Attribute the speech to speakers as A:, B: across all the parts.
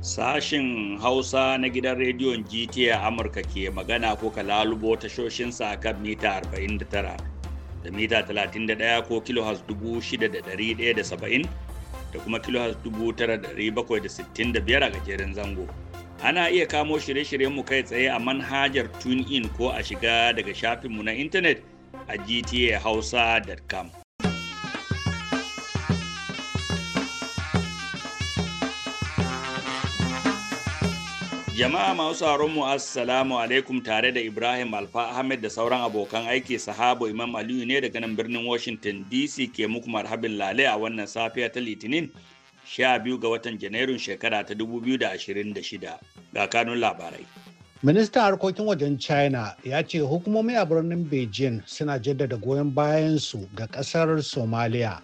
A: Sashin Hausa na gidan rediyon GTA Amurka ke magana ko lalubo tashoshinsa a kan mita 49 da mita 31 ko kilohas 6,170 da kuma kilohas 9,765 a gajeren zango. Ana iya kamo shirye-shiryenmu kai tsaye a manhajar TuneIn ko a shiga daga shafinmu na intanet. a gtahausa.com. Jama'a masu mu assalamu alaikum tare da Ibrahim Alfa Ahmed da sauran abokan aiki sahabo Imam Aliyu ne daga nan birnin Washington DC ke muku marhabin lale a wannan safiya ta Litinin 12 ga watan Janairun shekara ta 2026 ga kanun labarai.
B: Ministan harkokin wajen China ya ce hukumomi a birnin Beijing suna jaddada goyon bayansu ga kasar Somalia.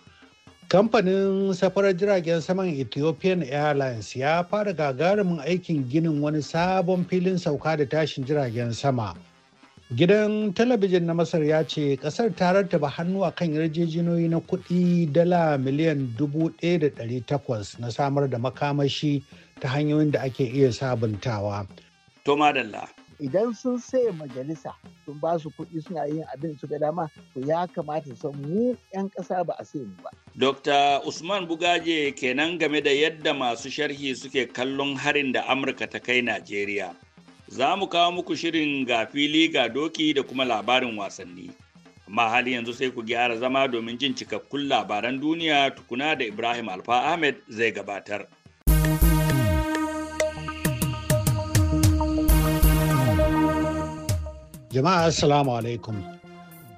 B: Kamfanin safarar jiragen saman Ethiopian Airlines ya fara gagarumin aikin ginin wani sabon filin sauka da tashin jiragen sama. Gidan talabijin na Masar ya ce kasar ta rattaba hannu a kan yarjejeniyoyi na kuɗi dala miliyan takwas na samar da
C: makamashi ta
B: hanyoyin da ake iya sabuntawa.
A: To madalla.
C: Idan sun sai majalisa sun ba su kuɗi suna yin abin su ga dama to ya kamata san mu 'yan ƙasa ba a sai mu ba.
A: Dr. Usman Bugaje kenan game da yadda masu sharhi suke kallon harin da Amurka ta kai Najeriya. Za mu kawo muku shirin ga fili ga doki da kuma labarin wasanni. amma hali yanzu sai ku gyara zama domin jin cikakkun labaran duniya tukuna da Ibrahim Alfa Ahmed zai gabatar.
B: Jama'a Assalamu alaikum.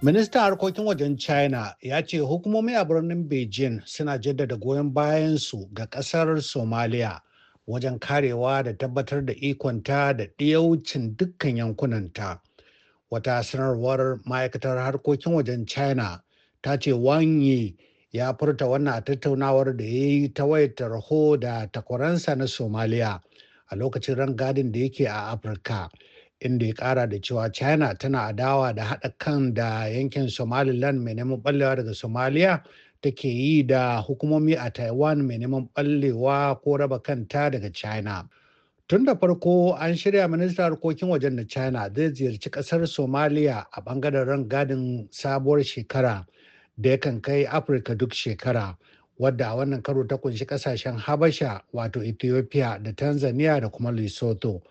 B: Ministan harkokin wajen China ya ce hukumomi a birnin Beijing suna jaddada goyon bayansu ga ƙasar Somalia wajen karewa da tabbatar da ikonta da ɗiyaucin dukkan yankunanta. Wata sanarwar ma'aikatar harkokin wajen China ta ce Wang Yi ya furta wannan tattaunawar da ya yi ta wayar tarho da takwaransa na Somalia a lokacin rangadin da yake a Afirka. inda ya kara da cewa china tana adawa da haɗa kan da yankin somaliland mai neman ɓallewa daga somaliya take yi da hukumomi a taiwan mai neman ɓallewa ko raba kanta daga china tun da farko an shirya ministan harkokin wajen da china zai ziyarci ƙasar somaliya a ɓangaren gadin sabuwar shekara da yakan kai afirka duk shekara wadda a wannan karo ta kunshi ƙasashen habasha wato ethiopia da tanzania da kuma lesotho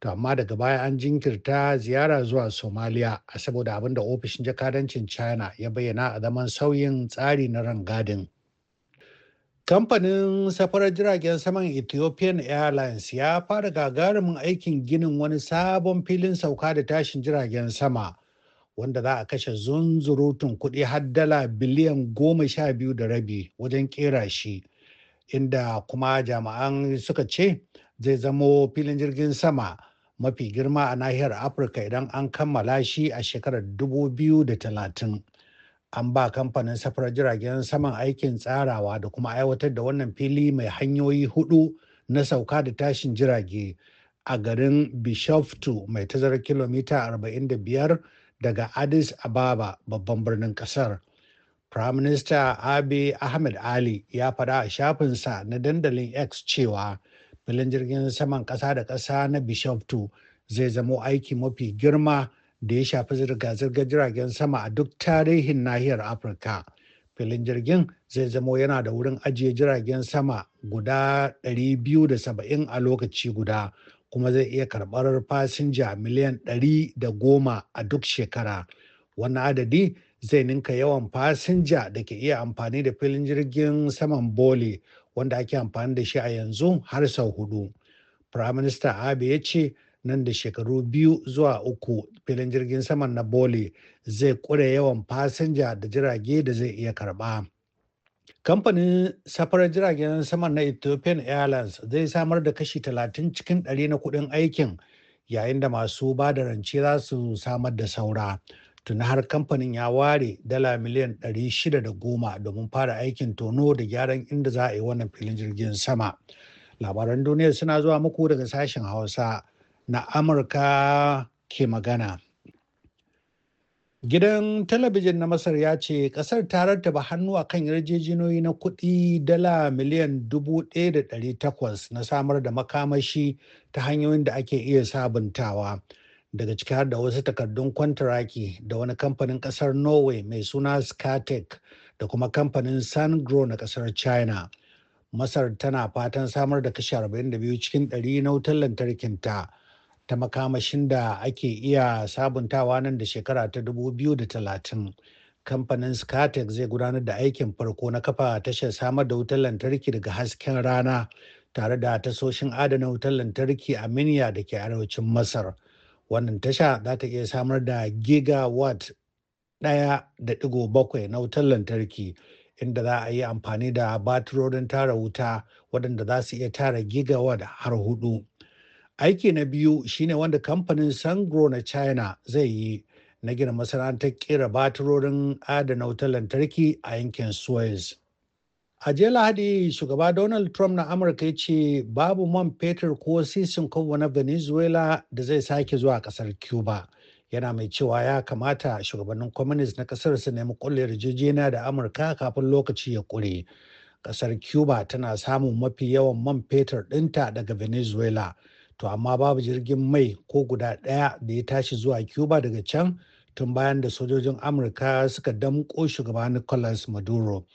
B: to amma daga baya an jinkirta ziyara zuwa somaliya a saboda abin da ofishin jakadancin china ya bayyana a zaman sauyin tsari na rangadin kamfanin safarar jiragen saman ethiopian airlines ya fara gagarumin aikin ginin wani sabon filin sauka da tashin jiragen sama wanda za a kashe zunzurutun kuɗi har dala biliyan goma sha biyu da rabi wajen kera shi inda kuma jama'an suka ce zai zamo filin jirgin sama mafi girma a nahiyar afirka idan an kammala shi a shekarar 2030 an ba kamfanin safarar jiragen saman aikin tsarawa da kuma aiwatar da wannan fili mai hanyoyi hudu na sauka da tashin jirage a garin bishoftu mai tazarar kilomita 45 daga addis ababa babban birnin kasar prime minister abe ahmed ali ya faɗa a shafinsa na dandalin x cewa filin jirgin saman ƙasa da ƙasa na bishop 2 zai zamo aiki mafi girma da ya shafi zirga-zirgar jiragen sama a duk tarihin nahiyar afirka filin jirgin zai zamo yana da wurin ajiye jiragen sama guda 270 a lokaci guda kuma zai iya karɓar fasinja miliyan 110 a duk shekara wani adadi zai ninka yawan fasinja da ke iya amfani da filin jirgin saman bole wanda ake amfani da shi a yanzu har sau hudu. Firaminista Abe ya ce nan da shekaru biyu zuwa uku filin jirgin saman na Bole zai ƙure yawan fasinja da jirage da zai iya karba. Kamfanin safarar jiragen saman na Ethiopian Airlines zai samar da kashi talatin cikin 100 na kuɗin aikin yayin da masu ba da rance za su samar da saura. tuni har kamfanin ya ware dala miliyan 610 domin fara aikin tono da gyaran inda za a yi wannan filin jirgin sama labaran duniya suna zuwa muku daga sashen hausa na amurka ke magana gidan talabijin na masar ya ce kasar ta rattaba hannu a kan yarjejeniyoyi na kuɗi dala miliyan 1,800 na samar da makamashi ta hanyoyin da ake iya sabuntawa. daga ciki har da wasu takardun kwantaraki da wani kamfanin kasar norway mai suna skatek da kuma kamfanin sangro na kasar china masar tana fatan samar da kashi 42 cikin 100 na wutar lantarkin ta ta makamashin da ake iya sabuntawa nan da shekara ta 2030 kamfanin skatek zai gudanar da aikin farko na kafa tashar samar da wutar lantarki daga hasken rana tare da tasoshin adana wutar lantarki a miniya da ke arewacin masar wannan tasha za ta iya samar da gigawatt ɗaya da ɗigo bakwai na wutar lantarki inda za a yi amfani da batirorin tara wuta waɗanda za su iya tara gigawatt har hudu aiki na biyu shine wanda kamfanin sangro na china zai yi na gina masana'antar kera batirorin adana wutar lantarki a yankin suez a jiya lahadi shugaba donald trump na amurka ya ce babu man fetur ko sisin kowa na venezuela da zai sake zuwa kasar cuba yana mai cewa ya kamata shugabannin communist na kasar su nemi kulle yarjejeniya da amurka kafin lokaci ya kure kasar cuba tana samun mafi yawan man fetur ɗinta daga venezuela to amma babu jirgin mai ko guda ɗaya da ya tashi zuwa cuba daga can tun bayan da sojojin amurka suka damƙo shugaba nicolas maduro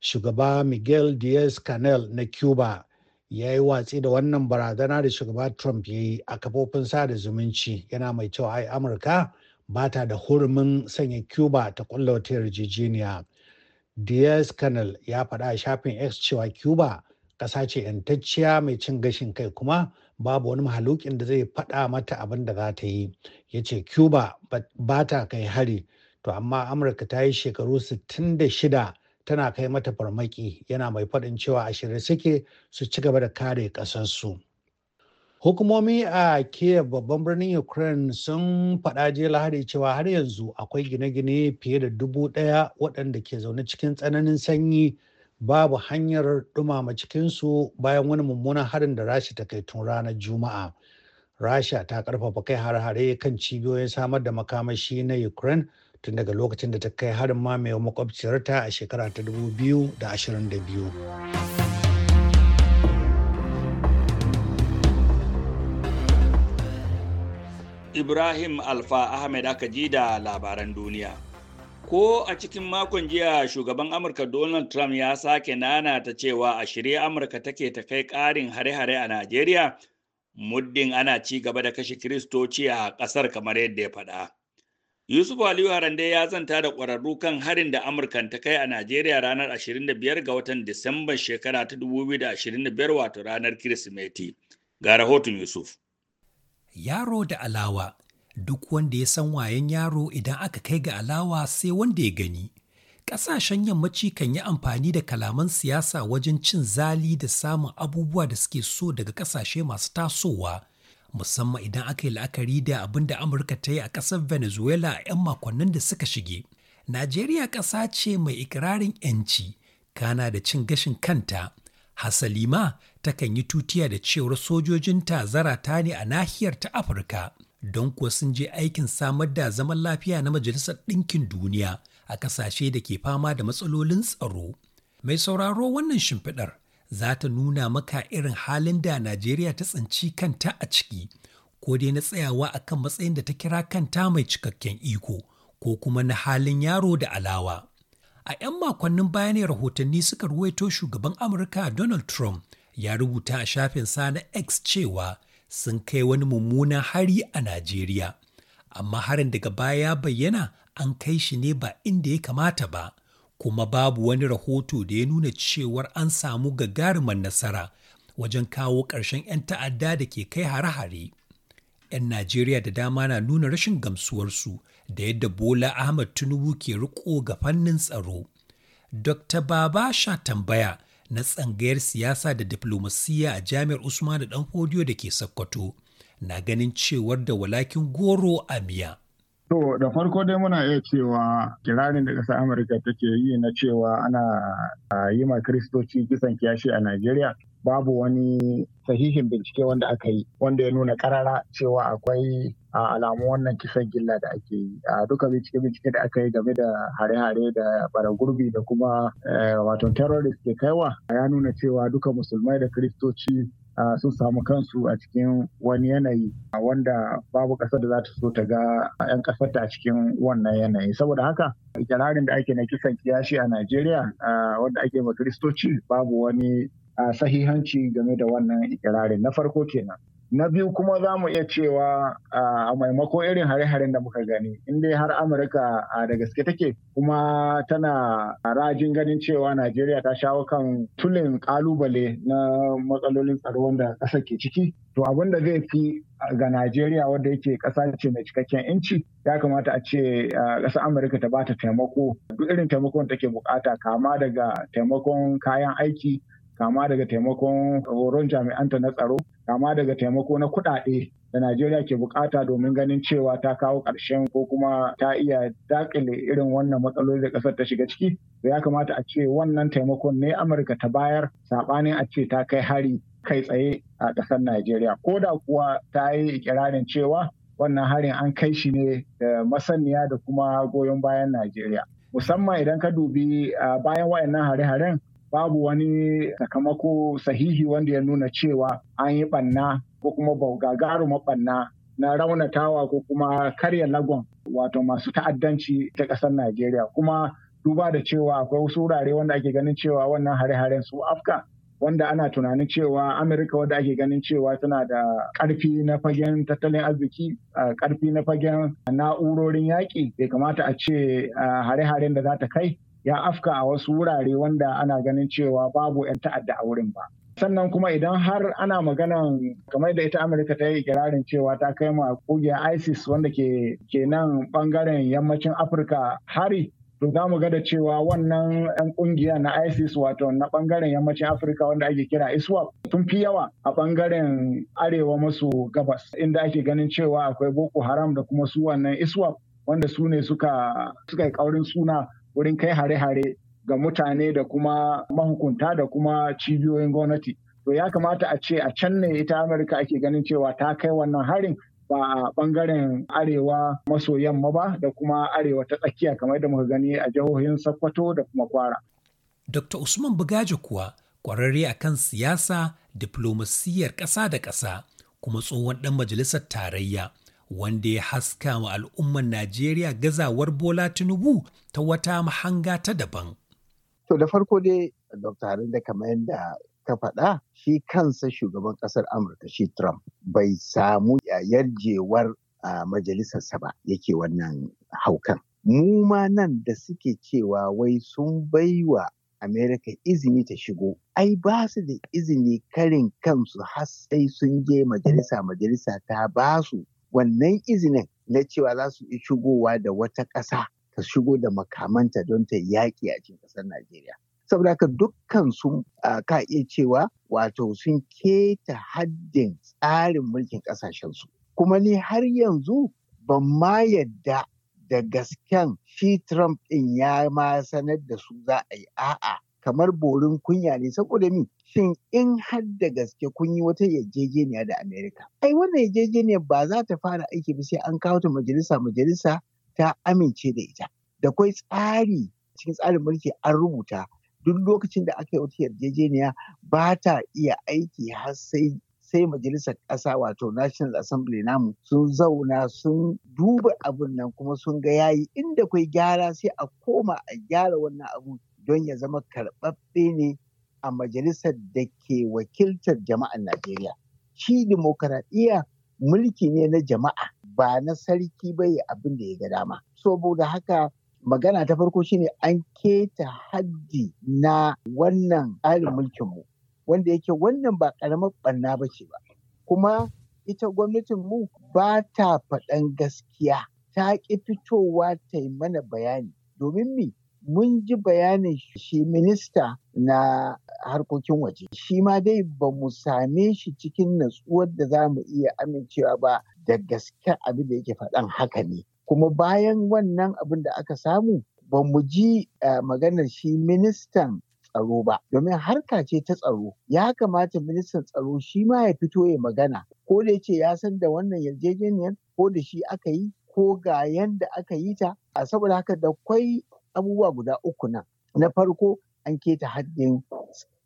B: shugaba miguel diaz canel na cuba ya yi watsi da wannan barazana da shugaba trump ya yi a kafofin sada zumunci yana mai cewa ai amurka ba ta da hurumin sanya cuba ta kulla wata yarjejeniya diaz canel ya faɗa a shafin x cewa cuba ƙasa ce 'yantacciya mai cin gashin kai kuma babu wani mahalukin da zai faɗa mata abin da za ta yi ya ce cuba ba ta kai hari to amma amurka ta yi shekaru 66 tana kai mata farmaki yana mai faɗin cewa a shirye suke su ci gaba da kare ƙasarsu. Hukumomi a Kiev babban birnin Ukraine sun faɗa je lahadi cewa har yanzu akwai gine-gine fiye da dubu ɗaya waɗanda ke zaune cikin tsananin sanyi babu hanyar ɗumama cikinsu bayan wani mummunan harin da rasha ta kai tun ranar Juma'a. Rasha ta ƙarfafa kai har-hare kan cibiyoyin samar da makamashi na Ukraine tun daga lokacin da ta kai harin mamaye makwabciyarta a shekara ta 2022.
A: Ibrahim Alfa Ahmed aka ji da labaran duniya. Ko a cikin makon jiya shugaban Amurka Donald Trump ya sake nana ta cewa a shirye Amurka take ta kai ƙarin hare-hare a Najeriya, muddin ana ci gaba da kashe Kiristoci a ƙasar kamar yadda ya faɗa. Yusuf Aliyu Harande ya zanta da ƙwararru kan harin da Amurka ta kai a Najeriya ranar 25 ga watan Disamban shekara ta 2025 wato ranar Kirsimeti. Ga rahoton Yusuf.
D: Yaro da alawa duk wanda ya san wayan yaro idan aka kai ga alawa sai wanda ya gani. Ƙasashen yammaci kan yi amfani da kalaman siyasa wajen cin zali da samun abubuwa da suke so daga ƙasashe masu tasowa. musamman idan aka yi la'akari da abin da Amurka ta yi a ƙasar Venezuela a 'yan makonnin da suka shige. Najeriya ƙasa ce mai ikirarin 'yanci, kana da cin gashin kanta. Hasali ma takan yi tutiya da cewar sojojinta zarata ne a nahiyar ta Afirka, don kuwa sun je aikin samar da zaman lafiya na Majalisar Ɗinkin Duniya a ƙasashe da ke fama da matsalolin tsaro. Mai sauraro wannan shimfiɗar za ta nuna maka irin halin da Najeriya ta tsinci kanta a ciki, ko dai na tsayawa a kan matsayin da ta kira kanta mai cikakken iko, ko kuma na halin yaro da alawa. A 'yan makonnin baya ne rahotanni suka ruwaito shugaban Amurka Donald Trump ya rubuta a shafinsa na X cewa sun kai wani mummunan hari a Najeriya. Amma harin daga baya ya bayyana an kai shi ne ba inda ya kamata ba. kuma babu wani rahoto da ya nuna cewar an samu gagarumar nasara wajen kawo ƙarshen 'yan ta'adda da ke kai hare-hare. 'Yan Najeriya da dama na nuna rashin gamsuwarsu da yadda Bola Ahmad Tinubu ke riko ga fannin tsaro. Dr. Baba Sha tambaya na tsangayar siyasa da diplomasiya a Jami'ar Usman da Danfodiyo da ke Sokoto na ganin cewar da walakin goro a miya.
E: To da farko dai muna iya cewa kirarin da ƙasar Amurka take yi na cewa ana yi ma Kiristoci kisan kiyashi a Najeriya babu wani sahihin bincike wanda aka yi wanda ya nuna karara cewa akwai alamu wannan kisan gilla da ake yi a duka bincike bincike da aka yi game da hare-hare da bara da kuma eh, wato terrorist ke kaiwa ya nuna cewa duka musulmai da kiristoci sun samu kansu a cikin wani yanayi wanda babu ƙasar da za ta so ta ga 'yan ƙasar ta a cikin wannan yanayi saboda haka ikirarin da ake na kisan kiyashi a najeriya wanda ake ma kiristoci babu wani sahihanci game da wannan ikirarin na farko kenan na biyu kuma za mu iya cewa a maimako irin hare-haren da muka gani inda har amurka da gaske take kuma tana rajin ganin cewa najeriya ta shawo kan tulin kalubale na matsalolin tsaro wanda ƙasa ke ciki to abin da zai fi ga najeriya wadda yake ƙasa ce mai cikakken inci ya kamata a ce ƙasar amurka ta bata taimako duk irin taimakon take bukata kama daga taimakon kayan aiki kama daga taimakon horon jami'anta na tsaro kama daga taimako na kuɗaɗe da Najeriya ke bukata domin ganin cewa ta kawo ƙarshen ko kuma ta iya dakile irin wannan matsaloli da ƙasar ta shiga ciki to ya kamata a ce wannan taimakon ne Amurka ta bayar saɓanin a ce ta kai hari kai tsaye a ƙasar Najeriya ko da kuwa ta yi ikirarin cewa wannan harin an kai shi ne da masaniya da kuma goyon bayan Najeriya. Musamman idan ka dubi bayan waɗannan hare-haren babu wani sakamako sahihi wanda ya nuna cewa an yi banna ko kuma gagarumar banna na raunatawa ko kuma karya lagon wato masu ta'addanci ta ƙasar Najeriya kuma duba da cewa akwai wasu wurare wanda ake ganin cewa wannan hare-haren su afka wanda ana tunanin cewa amurka wadda ake ganin cewa tana da karfi na fagen tattalin arziki karfi na fagen na'urorin yaƙi bai kamata a ce hare-haren da za ta kai ya afka a wasu wurare wanda ana ganin cewa babu 'yan ta'adda a wurin ba. sannan kuma idan har ana magana kamar da ita amurka ta yi kirarin cewa ta kai ma kungiyar isis wanda ke nan bangaren yammacin afirka hari to za mu ga da cewa wannan 'yan kungiya na isis wato na bangaren yammacin afirka wanda ake kira iswap tun fi yawa a bangaren arewa maso gabas inda ake ganin cewa akwai boko haram da kuma su wannan iswap wanda su ne suka yi kaurin suna wurin kai hare-hare ga mutane da kuma mahukunta da kuma cibiyoyin gwamnati. To ya kamata a ce a can ne ita Amurka ake ganin cewa ta kai wannan harin ba a bangaren arewa maso yamma ba da kuma arewa ta tsakiya kamar da muka gani a jihohin Sokoto da kuma Kwara. Dr. Usman Bugaji kuwa
D: kwararre a kan siyasa, diplomasiyyar ƙasa da ƙasa, kuma tsohon ɗan majalisar tarayya. wanda ya haska wa al'ummar Najeriya gazawar Bola Tinubu ta wata mahanga ta daban.
C: To da farko dai Dr. da kamar yadda ka faɗa shi kansa shugaban ƙasar Amurka shi Trump bai samu yarjewar majalisarsa ba yake wannan haukan. Mu ma nan da suke cewa wai sun baiwa Amerika izini ta shigo, ai ba su da izini karin kansu har sai sun je majalisa majalisa ta basu wannan izinin na cewa za su yi shigowa da wata ƙasa ta shigo da makamanta don ta yaƙi a cikin ƙasar Najeriya. Saboda haka dukkan sun ka iya cewa wato sun keta haddin tsarin mulkin ƙasashensu. Kuma ni har yanzu ban ma yadda da gasken shi Trump ɗin ya ma sanar da su za a yi a'a kamar borin kunya ne saboda mi shin in har da gaske kun yi wata yarjejeniya da Amerika. Ai wannan yarjejeniyar ba za ta fara aiki ba sai an kawo ta majalisa majalisa ta amince da ita. Da kwai tsari cikin tsarin mulki an rubuta duk lokacin da aka yi wata yarjejeniya ba ta iya aiki har sai sai majalisar ƙasa wato national assembly namu sun zauna sun duba abun nan kuma sun ga yayi inda kwai gyara sai a koma a gyara wannan abun don ya zama karɓaɓɓe ne a majalisar da ke wakiltar jama'ar Najeriya. Shi dimokuraɗiyya mulki ne na jama'a ba na sarki ba ya abin da ya ga dama. Saboda haka magana ta farko shine an keta haddi na wannan tsarin mulkinmu wanda yake wannan ba ƙaramar ɓanna ba ce ba. Kuma ita gwamnatinmu ba ta faɗan gaskiya ta ƙi fitowa ta yi mana bayani domin mi mun ji bayanin shi minista na harkokin waje shi ma dai ba mu same shi cikin natsuwar da za mu iya amincewa ba da gaske abin da yake faɗan haka ne kuma bayan wannan abin da aka samu ba mu ji eh, maganar shi ministan tsaro ba domin harka ce ta tsaro ya kamata ministan tsaro shi ma ya fito ya magana ko da ce ya san da wannan yarjejeniyar ko da shi aka yi ko ga yanda aka yi ta a saboda haka da kwai abubuwa guda uku nan na farko an keta haddin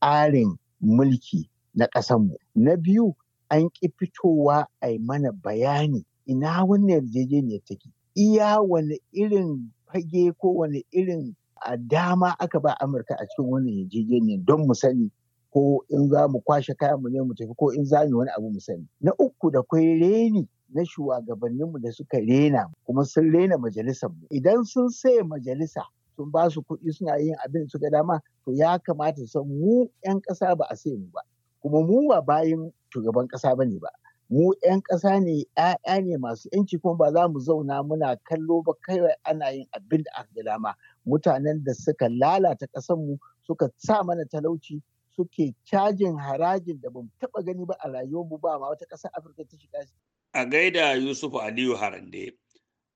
C: tsarin mulki na ƙasanmu na biyu an ƙi fitowa a mana bayani ina wannan yarjejeniyar take iya wani irin fage ko wani irin a dama aka ba amurka a cikin wannan yarjejeniyar don mu sani ko in za mu kwashe kayan mu ne mu tafi ko in za mu wani abu mu sani na uku da kwai reni na shugabanninmu da suka rena kuma sun rena majalisar mu idan sun saye majalisa sun ba su kuɗi suna yin abin su ga dama to ya kamata san mu 'yan ƙasa ba a sai mu ba kuma mu ba bayan shugaban ƙasa ba ne ba mu 'yan ƙasa ne 'ya'ya ne masu 'yanci kuma ba za mu zauna muna kallo ba kawai ana yin abin da aka dama mutanen da suka lalata mu suka sa mana talauci suke cajin harajin da bamu taɓa gani ba a rayuwar mu ba ma wata ƙasar afirka ta shiga
A: a gaida yusuf aliyu harande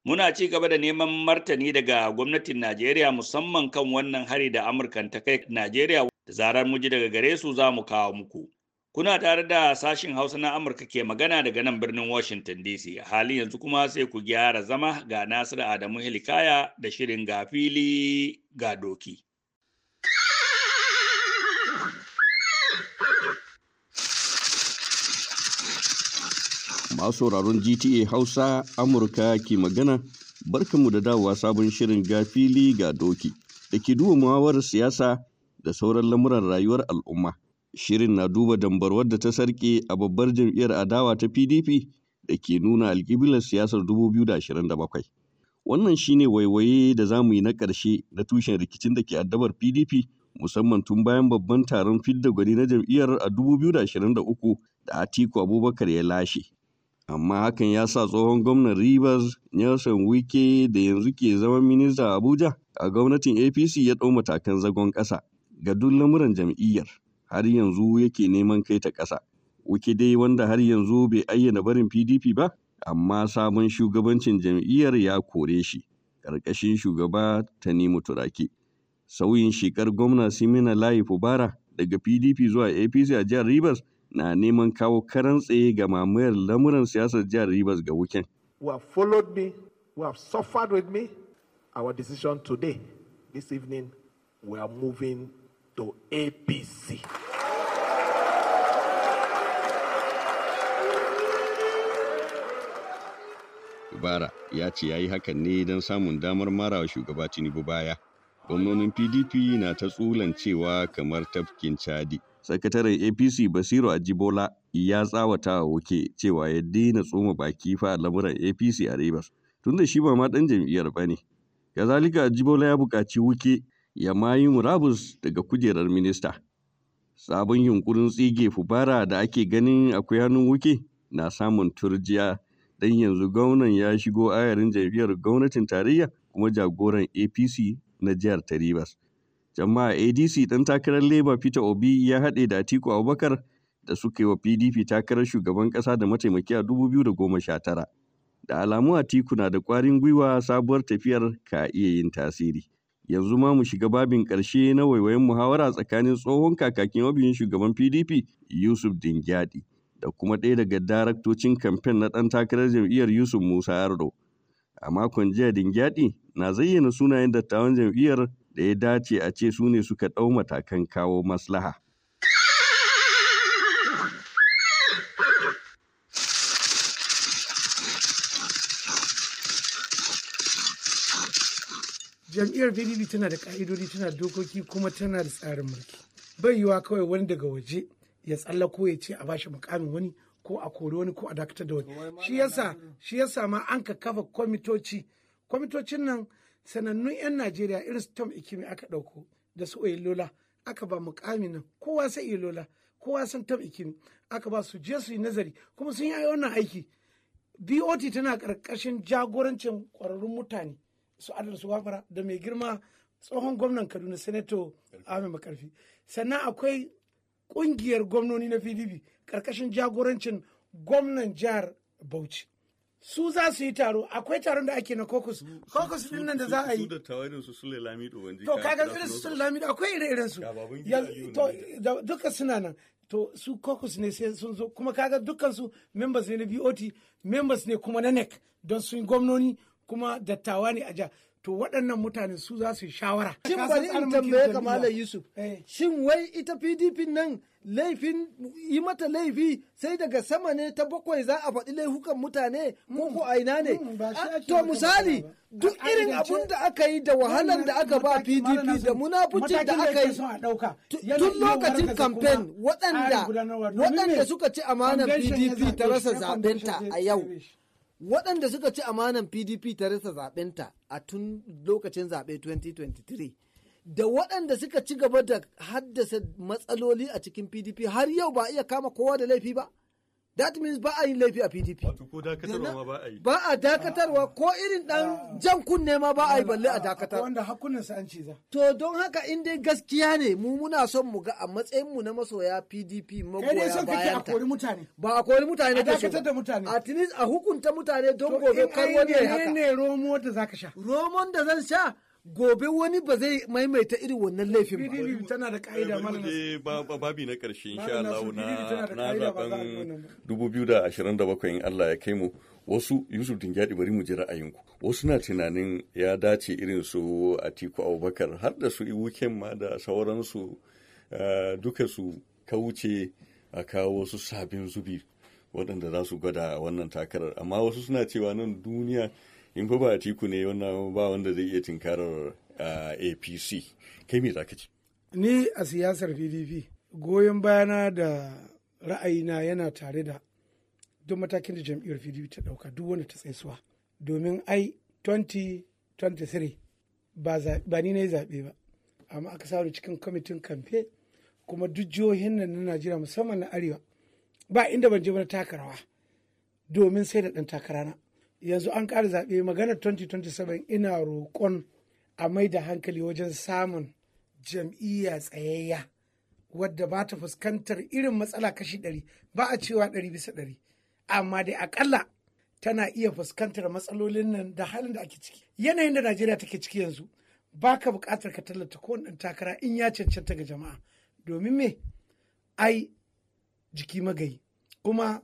A: Muna ci gaba da neman martani daga gwamnatin Najeriya musamman kan wannan hari da amurka ta kai Najeriya da zarar mu daga gare su za mu kawo muku. Kuna tare da sashin Hausa na Amurka ke magana daga nan birnin Washington DC. Halin yanzu kuma sai ku gyara zama ga Nasiru Adamu Helikaya da shirin ga fili ga doki.
F: Masu sauraron GTA Hausa Amurka ke magana barkanmu da dawowa sabon shirin ga fili ga doki da ke duba muhawarar siyasa da sauran lamuran rayuwar al'umma. Shirin na duba dambarwar da ta sarke a babbar jam'iyyar adawa ta PDP da ke nuna alƙiblar siyasar 2027. Wannan shine waiwaye da za mu yi na ƙarshe na tushen rikicin da ke addabar PDP musamman tun bayan babban taron fidda gwani na jam'iyyar a 2023 da Atiku Abubakar ya lashe. amma hakan ya sa tsohon gwamnan Rivers Nelson Wike da yanzu ke zama Minista Abuja a gwamnatin APC ya ɗau matakan zagon ƙasa ga duk lamuran jam'iyyar har yanzu yake neman kai ta ƙasa. Wike dai wanda har yanzu bai ayyana barin PDP ba, amma sabon shugabancin jam'iyyar ya kore shi ƙarƙashin shugaba Tanimu Turaki. Sauyin shekar gwamna Simina Layi Fubara daga PDP zuwa APC a jihar Rivers na neman kawo karan tsaye ga mamayar lamuran siyasar jihar Rivers ga Wuken.
G: We have followed me, we have suffered with me, our decision today, this evening, we
D: are moving to APC.
F: Bara ya ce ya yi hakan ne don samun damar marawa shugaba Tinubu baya. Gwamnonin PDP na ta tsulan cewa kamar tafkin Chadi. sakataren apc basiru ajibola ya tsawata wa cewa ya daina tsoma baki fa lamuran apc a rivers da shi ba ma dan jam'iyyar ba ne kazalika ajibola ya buƙaci wuke ya mayi murabus daga kujerar minista sabon yunƙurin tsige fubara da ake ganin akwai hannun wuke na samun turjiya dan yanzu gwamnan ya shigo ayarin jam'iyyar gwamnatin tarayya kuma jagoran apc na jihar ta rivers Jama'a ADC ɗan takarar Labour Peter Obi ya haɗe da Atiku Abubakar da suka yi wa PDP takarar shugaban ƙasa da mataimaki a 2019. Da alamu Atiku na da ƙwarin gwiwa sabuwar tafiyar ka iya yin tasiri. Yanzu ma mu shiga babin ƙarshe na waiwayen muhawara tsakanin tsohon kakakin mabiyin shugaban PDP Yusuf Dingyadi da kuma ɗaya daga daraktocin kamfen na ɗan takarar jam'iyyar Yusuf Musa Ardo. A makon jiya Dingyadi na zayyana sunayen dattawan jam'iyyar da ya dace a ce su ne suka ɗau matakan kawo maslaha.
G: jam'iyyar pdp tana da ƙa'idodi tana da dokoki kuma tana da tsarin mulki bai yiwa kawai wani daga waje ya tsallako ya ce a bashi mukamin wani ko a kori wani ko a dakatar da wani shi yasa shi yasa ma an ka kafa kwamitoci kwamitocin nan sanannun 'yan najeriya irin su tom ikimi aka ɗauko da su lola aka ba mukami nan kowa sai lola kowa san tom ikimi aka ba su je su yi nazari kuma sun yi wannan aiki bot tana karkashin jagorancin kwararrun mutane su adal su wafara da mai girma tsohon gwamnan kaduna senato ahmed makarfi sannan akwai kungiyar gwamnoni na pdp karkashin jagorancin gwamnan jihar bauchi su za su yi taro akwai taron da ake na kokus kokus din nan da za a yi da
F: su to kaga irin su su lamido akwai ire iren su
G: to duka suna nan to su kokus ne sai sun zo kuma kaga dukkan su members ne na BOT members ne kuma na NEC don sun gwamnoni kuma dattawa ne a jiya. to waɗannan mutane su za su shawara. Shin bari in tambaye malam Yusuf,
B: eh.
H: shin wai ita PDP nan laifin yi mata laifi sai daga sama ne ta bakwai za a faɗi laifukan mutane ko hmm. ko a ina ne. Hmm, ah, to misali duk irin abun da aka yi da wahalar da aka ba PDP da munafucin da aka yi
G: tun lokacin kamfen waɗanda suka ci amanar PDP ta rasa zaɓenta
H: a yau. waɗanda suka ci amanan pdp ta rasa zaɓenta a tun lokacin zaɓe 2023 da waɗanda suka ci gaba da haddasa matsaloli a cikin pdp har yau ba iya kama kowa da laifi ba that means ba a yin laifi a
F: PDP.
H: ba a dakatarwa ah. ko irin dan jan kunne ma ba a yi balle a dakatar.
G: Wanda hakunansa an ciza.
H: To don haka in dai gaskiya ne mu muna son mu ga a matsayin mu na masoya PDP magoya bayan ta. Kai dai a kori mutane. Ba a kori mutane da so. A dakatar da mutane. At least a hukunta mutane don gobe kar wani ne haka. To in ne romo da zaka sha. Romon da zan sha. gobe wani ba zai maimaita irin wannan
G: laifin ba. Bidiri tana da ƙa'ida eh, mana
F: babi na karshe insha Allah na zaben 2027 in Allah ya kai mu wasu Yusuf Dingyadi bari mu ji ra'ayinku wasu na tunanin ya dace irin su Atiku Abubakar har da su Iwuken ma da sauransu eh, duka su kauce a kawo wasu sabbin zubi waɗanda za su gwada wannan takarar amma wasu suna cewa nan duniya in fa ba a tiku ne wannan ba wanda zai iya tinkarar apc ah, kai me zaka
G: ce ni a siyasar pdp goyon bayana da ra'ayina yana tare da duk matakin da jam'iyyar pdp ta dauka duk wanda ta tsaisuwa domin ai 2023 ba ni na yi zaɓe ba amma aka samu cikin kwamitin kamfe kuma duk jihohin nan na najeriya musamman na arewa ba inda ban je ba na taka domin sai da ɗan takarana yanzu an ƙara zaɓe maganar 2027 ina roƙon a mai da hankali wajen samun jam'iyya tsayayya wadda ba ta fuskantar irin matsala kashi ɗari ba a cewa ɗari bisa ɗari amma dai akalla tana iya fuskantar matsalolin nan da halin da ake ciki yanayin da najeriya take ciki yanzu ba ka buƙatar ka tallata ko ɗan takara in ya cancanta ga jama'a domin me ai jiki magayi kuma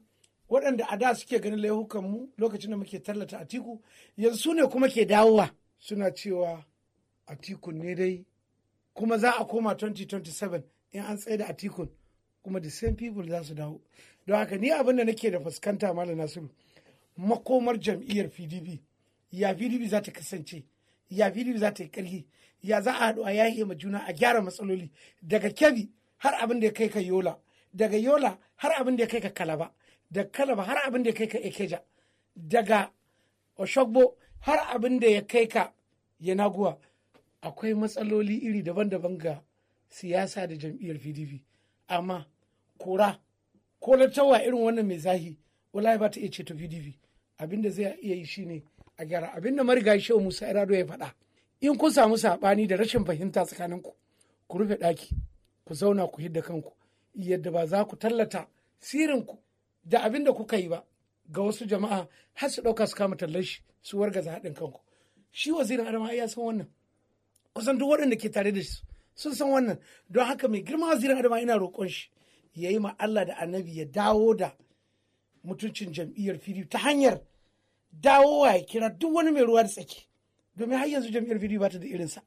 G: waɗanda a da suke ganin laihukan lokacin da muke tallata atiku yanzu ne kuma ke dawowa suna cewa atikun ne dai kuma za a koma 2027 in an tsaye da atikun kuma the same people za su dawo don haka ni abin da nake da fuskanta malam nasiru makomar jam'iyyar pdp ya pdp za ta kasance ya pdp za ta yi karhi ya za a haɗu a yayi ma juna a gyara matsaloli daga kebi har abin da ya kai ka yola daga yola har abin da ya kai ka kalaba da kalaba har abin da ya kai ka ekeja daga oshogbo har abin da ya kai ka yanaguwa akwai matsaloli iri daban-daban ga siyasa da jam'iyyar pdp amma kura ko lattawa irin wannan mai zahi wallahi ba ta iya ceto pdp abin da zai iya yi shine a gyara abin da marigayi shehu musa irado ya faɗa in kun samu saɓani da rashin fahimta tsakanin ku ku rufe ɗaki ku zauna ku hidda kanku yadda ba za ku tallata sirinku da abin da kuka yi ba ga wasu jama'a har su ɗauka su kama tallar shi su wargaza haɗin kanku shi wazirin adama ya san wannan kusan duk waɗanda ke tare da shi sun san wannan don haka mai girma wazirin adama ina roƙon shi ya yi ma Allah da annabi ya dawo da mutuncin jam'iyyar PDP ta hanyar dawowa ya kira duk wani mai ruwa da tsaki domin har yanzu jam'iyyar PDP ba ta da irinsa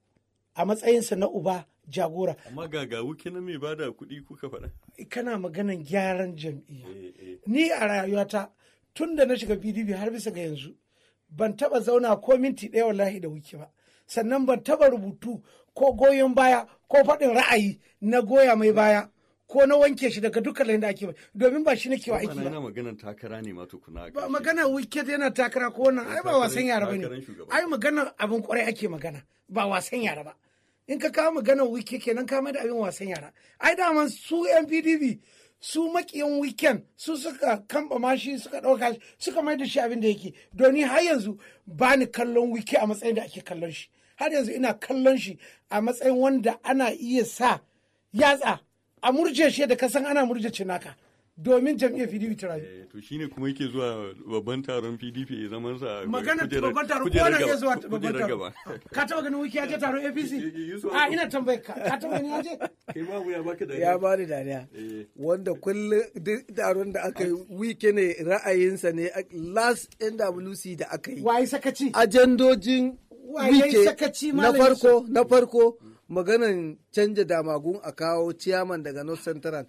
G: a matsayinsa na uba jagora.
F: Amma ga ga wuki na mai bada kuɗi kuka faɗa.
G: Kana maganan gyaran jam'iyya. Eh, eh. Ni a rayuwata tun da na shiga PDP har bisa ga yanzu ban taɓa zauna ko minti ɗaya wallahi da wuki ba. Sannan ban taɓa rubutu ko goyon baya ko faɗin ra'ayi na goya mai baya. ko na wanke shi daga dukkan layin da ake bai domin ba shi nake wa aiki
F: ba takara ne ma tukuna
G: ba magana wicket yana takara ko wannan ai ba wasan yara ne ai magana abin kwarai ake magana ba wasan yara ba in ka kama ganin wike kenan kama da abin wasan yara ai dama su yan pdp su makiyan weekend su suka kamba mashi suka ɗauka suka mai da shi abin da yake doni har yanzu ba ni kallon wike a matsayin da ake kallon shi har yanzu ina kallon shi a matsayin wanda ana iya sa yatsa a murje shi da kasan ana murje cinaka domin jam'iyyar PDP ta rayu. Eh,
F: to ne kuma yake zuwa babban taron PDP ya zaman sa magana babban taron ko na iya zuwa babban taron. Ah,
G: ka taba ganin wiki ya je taron APC? A ah, ina tambayar ka ka taba ganin ya je?
F: Kai ma ya baka dariya. Ya
H: bani dariya. Eh. Wanda kullum duk taron da aka yi wiki ne ra'ayinsa ne last NWC da aka yi. Wai sakaci. Ajandojin wike na farko na farko maganan canja damagun a kawo ciyaman daga North Central.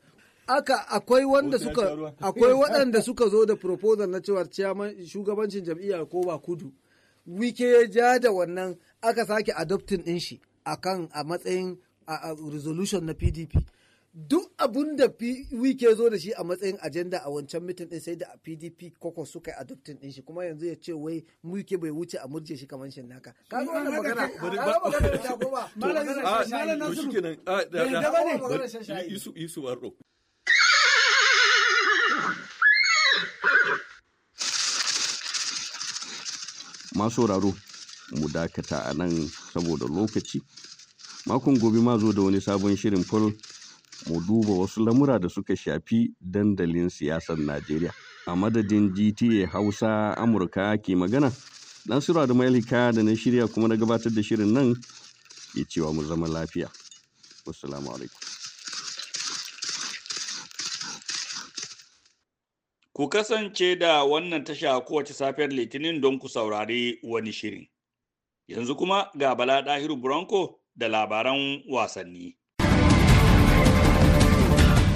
H: aka akwai wanda suka akwai waɗanda suka zo da proposal na cewa ciyaman shugabancin jam'iyya ko ba kudu wike ya ja da wannan aka sake adoptin din shi akan a matsayin a resolution na PDP duk abun da wike zo da shi a matsayin ajenda a wancan mitin din sai da PDP koko suka yi adoptin din shi kuma yanzu ya ce wai wike bai wuce a murje shi kamar shin naka zo wannan magana magana ba
F: ah, ba ba Ma sauraro mu dakata a nan saboda lokaci makon gobe ma zo da wani sabon shirin fol mu duba wasu lamura da suka shafi dandalin siyasar najeriya a madadin gta hausa amurka ke magana nasiru adamalika da na shirya kuma na gabatar da shirin nan ke cewa mu zama lafiya wasu alaikum
A: Ku kasance da wannan tasha kowace safiyar Litinin don ku saurari wani shirin. Yanzu kuma ga Bala Ɗahiru Bronco da labaran wasanni.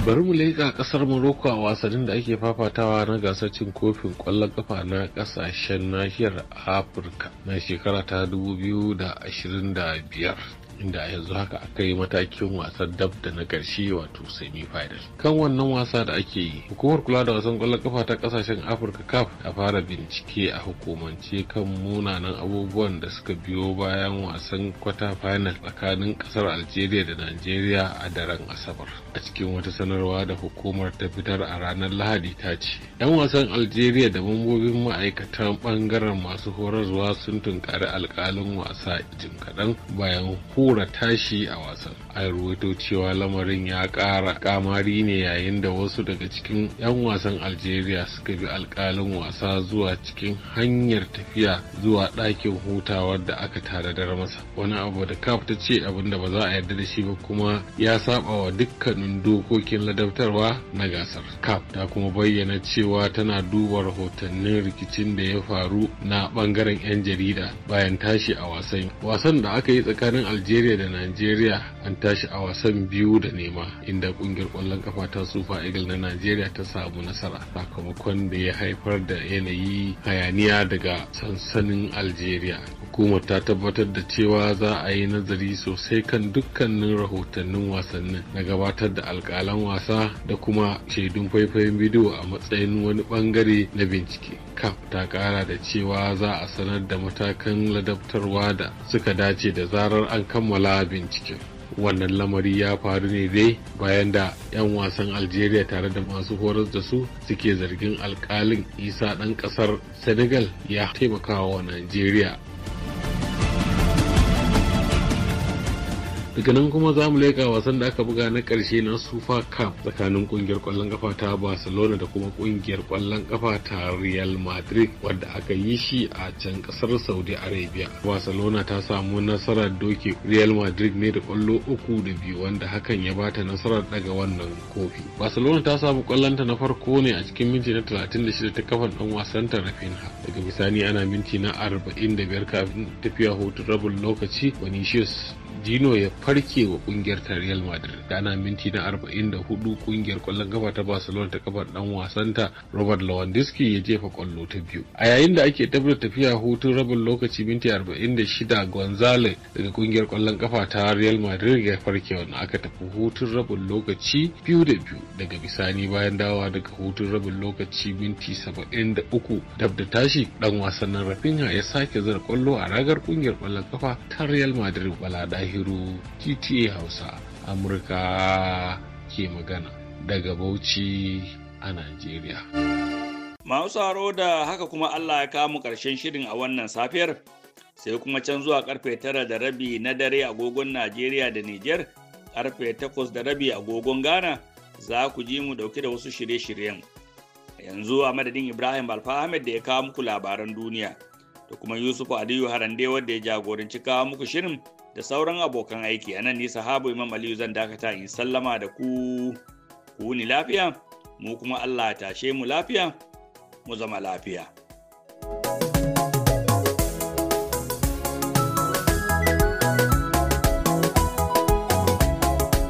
I: bari mu leƙa ƙasar Morocco a wasannin da ake fafatawa na gasar cin kofin ƙwallon ƙafa na ƙasashen nahiyar Afirka na shekara ta 2025. inda a yanzu haka aka yi matakin wasan dab da na ƙarshe wato semi final kan wannan wasa da ake yi hukumar kula da wasan ƙwallon kafa ta ƙasashen afirka caf ta fara bincike a hukumance kan munanan abubuwan da suka biyo bayan wasan kwata final tsakanin ƙasar algeria da nigeria a daren asabar a cikin wata sanarwa da hukumar ta fitar a ranar lahadi ta ce 'yan wasan algeria da mambobin ma'aikatan bangaren masu horarwa sun tunkari alkalin wasa jim kaɗan bayan tsorata shi a wasan a rubuto cewa lamarin ya ƙara kamari ne yayin da wasu daga cikin 'yan wasan algeria suka bi alkalin wasa zuwa cikin hanyar tafiya zuwa ɗakin hutawar da aka tanadar masa wani abu da kaf ta ce abin da ba za a yarda da shi ba kuma ya saba wa dukkanin dokokin ladabtarwa na gasar kaf ta kuma bayyana cewa tana duba rahotannin rikicin da ya faru na bangaren 'yan jarida bayan tashi a wasan wasan da aka yi tsakanin algeria da nigeria an tashi a wasan biyu da nema inda kungiyar kwallon kafa ta sufa eagle na najeriya ta samu nasara sakamakon da ya haifar da yanayi hayaniya daga sansanin algeria hukumar ta tabbatar da cewa za a yi nazari sosai kan dukkanin rahotannin wasannin na gabatar da alkalan wasa da kuma shaidun faifayin bidiyo a matsayin wani bangare na bincike kaf ta kara da cewa za a sanar da matakan ladabtarwa da suka dace da zarar an kammala binciken wannan lamari ya faru ne dai bayan da 'yan wasan algeria tare da masu horar da su suke zargin alkalin isa ɗan ƙasar senegal ya taimakawa wa nigeria daga nan kuma za mu leƙa wasan da aka buga na ƙarshe na sufa cup tsakanin ƙungiyar ƙwallon kafa ta barcelona da kuma ƙungiyar ƙwallon kafa ta real madrid wadda aka yi shi a can ƙasar saudi arabia barcelona ta samu nasarar doke real madrid ne da kwallo uku da biyu wanda hakan ya bata nasarar daga wannan kofi barcelona ta samu kwallonta na farko ne a cikin minti na 36 ta kafan ɗan wasan ta rafinha daga bisani ana minti na biyar kafin tafiya hutun rabin lokaci vinicius Dino ya farke wa kungiyar ta Real Madrid. Dana minti na 44 kungiyar kwallon kafa ta Barcelona ta kafar dan wasanta Robert Lewandowski ya jefa kwallo ta biyu. A yayin da ake tabbata tafiya hutun rabin lokaci minti 46 Gonzalez daga kungiyar kwallon kafa ta Real Madrid ya farke wani aka tafi hutun rabin lokaci biyu da biyu daga bisani bayan dawa daga hutun rabin lokaci minti 73 dab da tashi dan wasannin Rafinha ya sake zira kwallo a ragar kungiyar kwallon kafa ta Real Madrid bala balada Tahiru GTA Hausa Amurka ke magana daga Bauchi a Najeriya.
A: Masu tsaro da haka kuma Allah ya kamu karshen shirin a wannan safiyar sai kuma can zuwa karfe tara da rabi na dare agogon Najeriya da Nijar karfe takwas da rabi agogon Ghana za ku ji mu dauke da wasu shirye-shiryen. Yanzu a madadin Ibrahim Alfa Ahmed da ya kawo muku labaran duniya da kuma Yusuf Aliyu Harande wanda ya jagoranci kawo muku shirin da sauran abokan aiki a nan ne sahabu imam aliyu zan dakata in sallama da ku ku ni lafiya mu kuma allah tashe mu lafiya mu zama lafiya. thank you